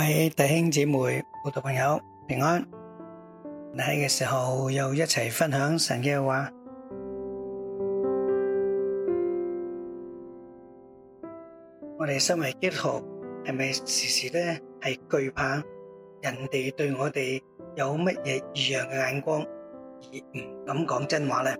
各位弟兄姊妹、信徒朋友平安，你喺嘅時候又一齊分享神嘅話。我哋身為基督徒，係咪時時咧係懼怕人哋對我哋有乜嘢異樣嘅眼光，而唔敢講真話咧？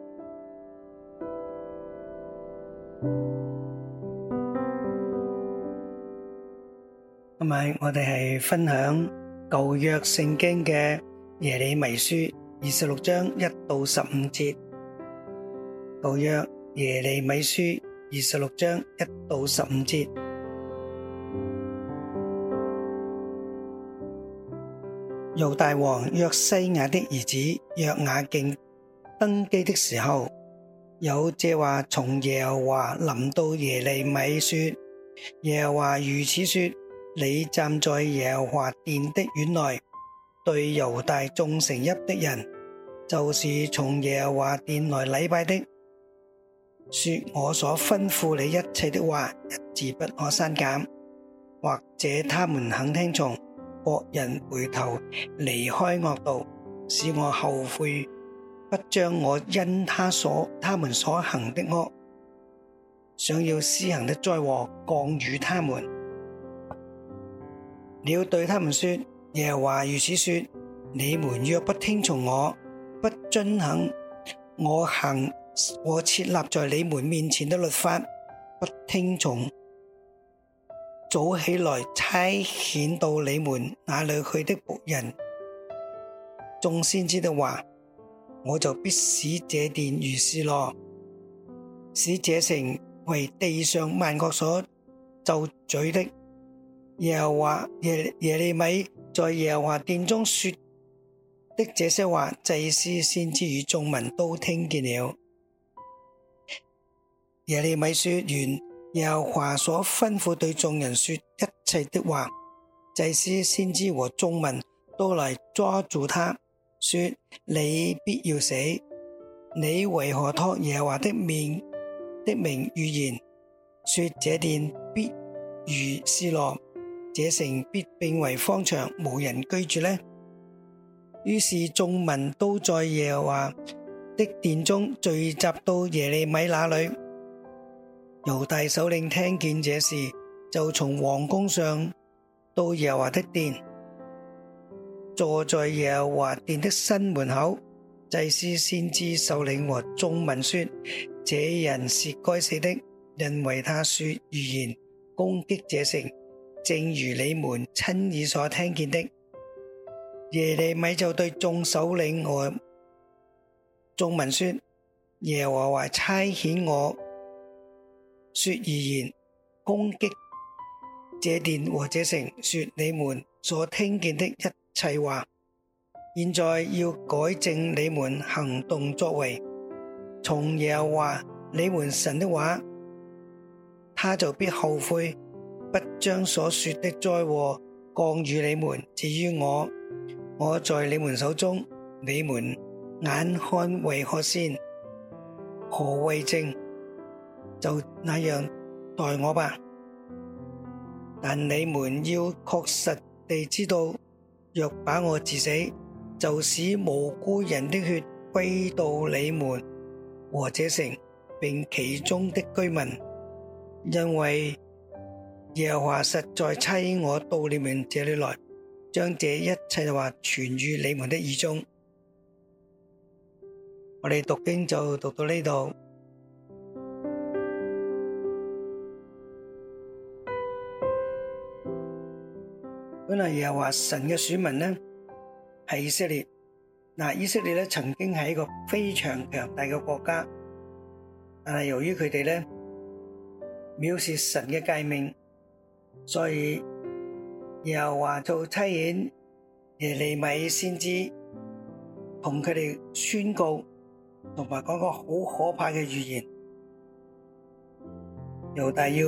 同埋，我哋係分享舊約聖經嘅耶利米書二十六章一到十五節。舊約耶利米書二十六章一到十五節。猶大王約西亞的兒子約雅敬登基的時候，有這話從耶和華臨到耶利米說：耶和華如此說。你站在耶華殿的院內，對猶大眾城邑的人，就是從耶華殿來禮拜的，說我所吩咐你一切的話，一字不可刪減。或者他們肯聽從，各人回頭離開惡道，使我後悔，不將我因他所，他們所行的惡，想要施行的災禍降於他們。要對他們說：耶華如此說，你們若不聽從我，不遵行我行我設立在你們面前的律法，不聽從早起來差遣到你們那裏去的僕人，眾先知的話，我就必使這殿如是咯，使這城為地上萬國所咒詛的。耶華耶耶利米在耶華殿中說的這些話，祭司、先知與眾民都聽見了。耶利米說完耶華所吩咐對眾人說一切的話，祭司、先知和眾民都來抓住他說：你必要死，你為何託耶華的面的名預言，說這殿必如示羅這城必變為荒場，無人居住呢。於是眾民都在耶和華的殿中聚集到耶利米那裏。猶大首領聽見這事，就從王宮上到耶和華的殿，坐在耶和華殿的新門口，祭司先知首領和眾民說：這人是該死的，因為他說預言攻擊這城。正如你們親耳所聽見的，耶利米就對眾首領和眾民說：耶和華差遣我說預言攻擊這殿和這城，說你們所聽見的一切話，現在要改正你們行動作為，從耶和華你們神的話，他就必後悔。不將所說的災禍降於你們。至於我，我在你們手中，你們眼看何為善，何為正，就那樣待我吧。但你們要確實地知道，若把我致死，就使無辜人的血歸到你們和這城，並其中的居民，因為，耶和華實在差我到你們這裏來，將這一切的話傳於你們的耳中。我們讀經就讀到這裏。本嚟耶和華神的選民呢係以色列，嗱，以色列曾經是一個非常強大的國家，但係由於他們呢，藐視神的誡命。所以又話做差遣耶利米先知同佢哋宣告，同埋講個好可怕嘅預言，猶大要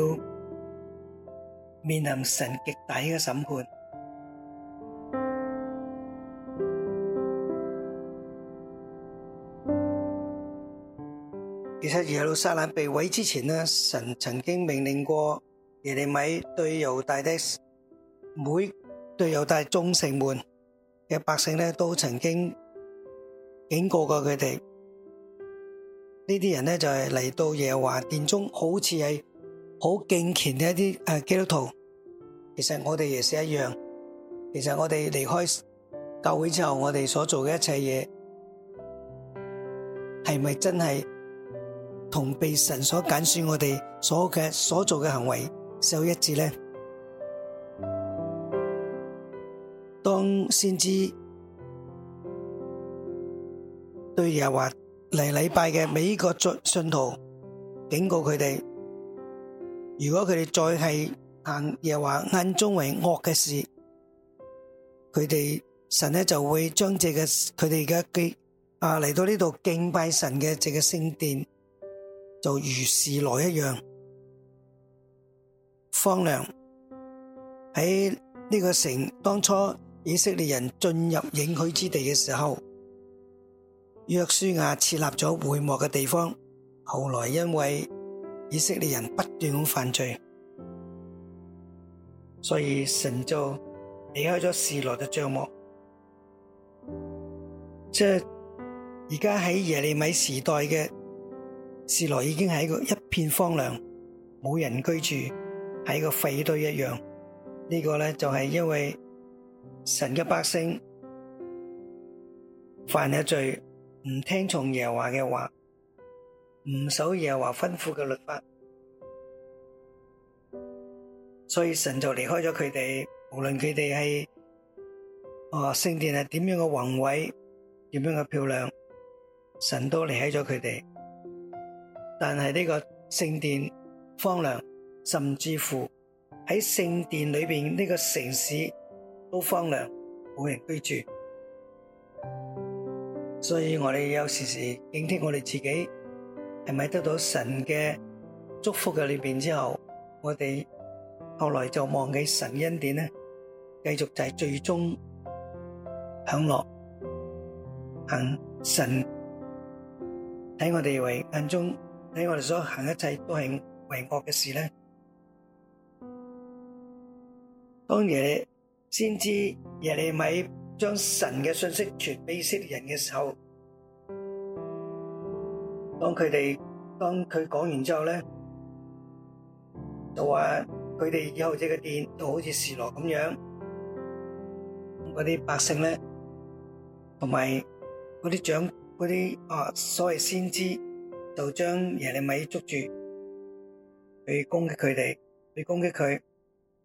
面臨神極大嘅審判。其實耶路撒冷被毀之前咧，神曾經命令過。耶利米對猶大，對大的每對猶大眾，城門嘅百姓咧，都曾經警告過佢哋。呢啲人咧就係嚟到耶華殿中，好似係好敬虔嘅一啲誒基督徒。其實我哋亦是一樣。其實我哋離開教會之後，我哋所做嘅一切嘢，係咪真係同被神所揀選我哋所嘅所做嘅行為？受一致呢，當先知對耶和華嚟禮拜嘅每一個信信徒警告佢哋，如果佢哋再係行耶和華眼中為惡嘅事，佢哋神就會將這個佢哋嘅嘅啊嚟到呢度敬拜神嘅這個聖殿，就如是來一樣。荒涼。喺呢個城，當初以色列人進入應許之地嘅時候，約書亞設立咗會幕嘅地方。後來因為以色列人不斷咁犯罪，所以神就離開咗示羅嘅帳幕。即係而家喺耶利米時代嘅示羅已經係一個一片荒涼，冇人居住。睇個廢都一樣，呢、這個咧，就係因為神嘅百姓犯咗罪，唔聽從耶和華嘅話，唔守耶和華吩咐嘅律法，所以神就離開咗佢哋。無論佢哋係哦聖殿係點樣嘅宏偉，點樣嘅漂亮，神都離開咗佢哋。但係呢個聖殿荒涼。甚至乎喺聖殿裏面，呢個城市都荒涼，冇人居住。所以我哋有時時警惕我哋自己係咪得到神嘅祝福嘅裏面之後，我哋後來就忘記神恩典咧，繼續就係最終享樂，行神喺我哋為眼中喺我哋所行一切都係為惡嘅事咧。當耶利，先知耶利米將神嘅信息傳俾以色列人嘅時候，當佢哋當佢講完之後咧，就話佢哋以後呢個殿都好似示羅咁樣，嗰啲百姓咧，同埋嗰啲長嗰啲啊所謂先知就將耶利米捉住去攻擊佢哋，去攻擊佢，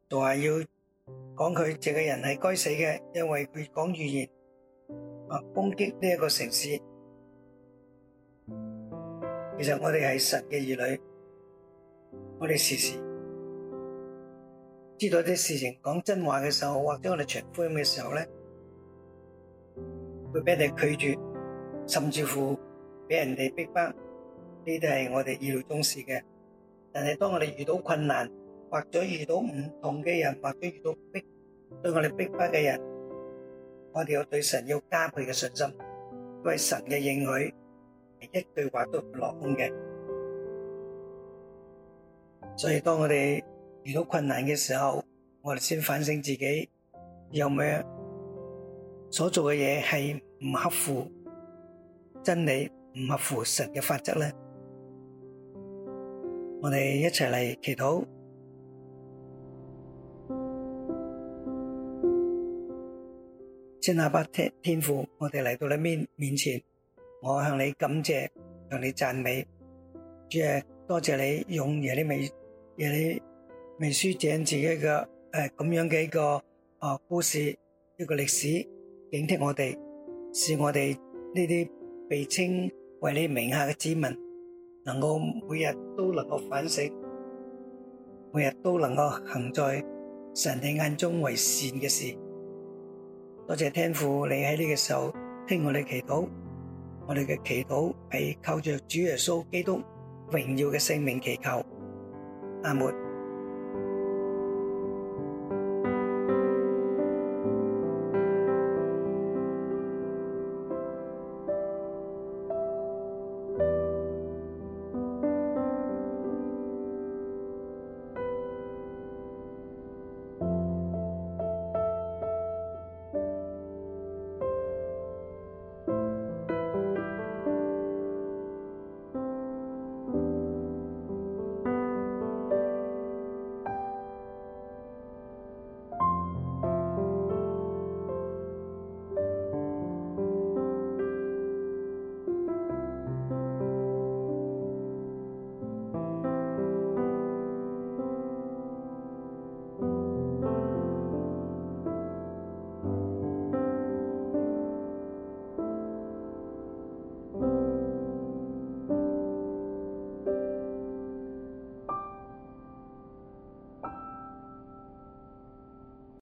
就話要。講佢這個人係該死嘅，因為佢講預言，啊攻擊呢一個城市。其實我哋係神嘅兒女，我哋時時知道啲事情，講真話嘅時候或者我哋傳福音嘅時候咧，會俾人拒絕，甚至乎俾人哋逼迫，呢啲係我哋意料中事嘅。但係當我哋遇到困難，或者遇到唔同嘅人，或者遇到逼對我哋逼迫嘅人，我哋要對神要加倍嘅信心，因為神嘅應許係一句話都唔落空嘅。所以當我哋遇到困難嘅時候，我哋先反省自己有咩所做嘅嘢係唔合乎真理、唔合乎神嘅法則咧。我哋一齊嚟祈禱。先阿爸天父，我哋嚟到你面面前，我向你感謝，向你讚美，主啊，多謝你用耶，你未耶，你美書講自己嘅誒咁樣嘅一個啊故事，一個歷史，警惕我哋，使我哋呢啲被稱為你名下嘅子民，能夠每日都能夠反省，每日都能夠行在神你眼中為善嘅事。多謝天父，你喺呢個時候聽我哋祈禱，我哋嘅祈禱係靠着主耶穌基督榮耀嘅聖名祈求，阿門。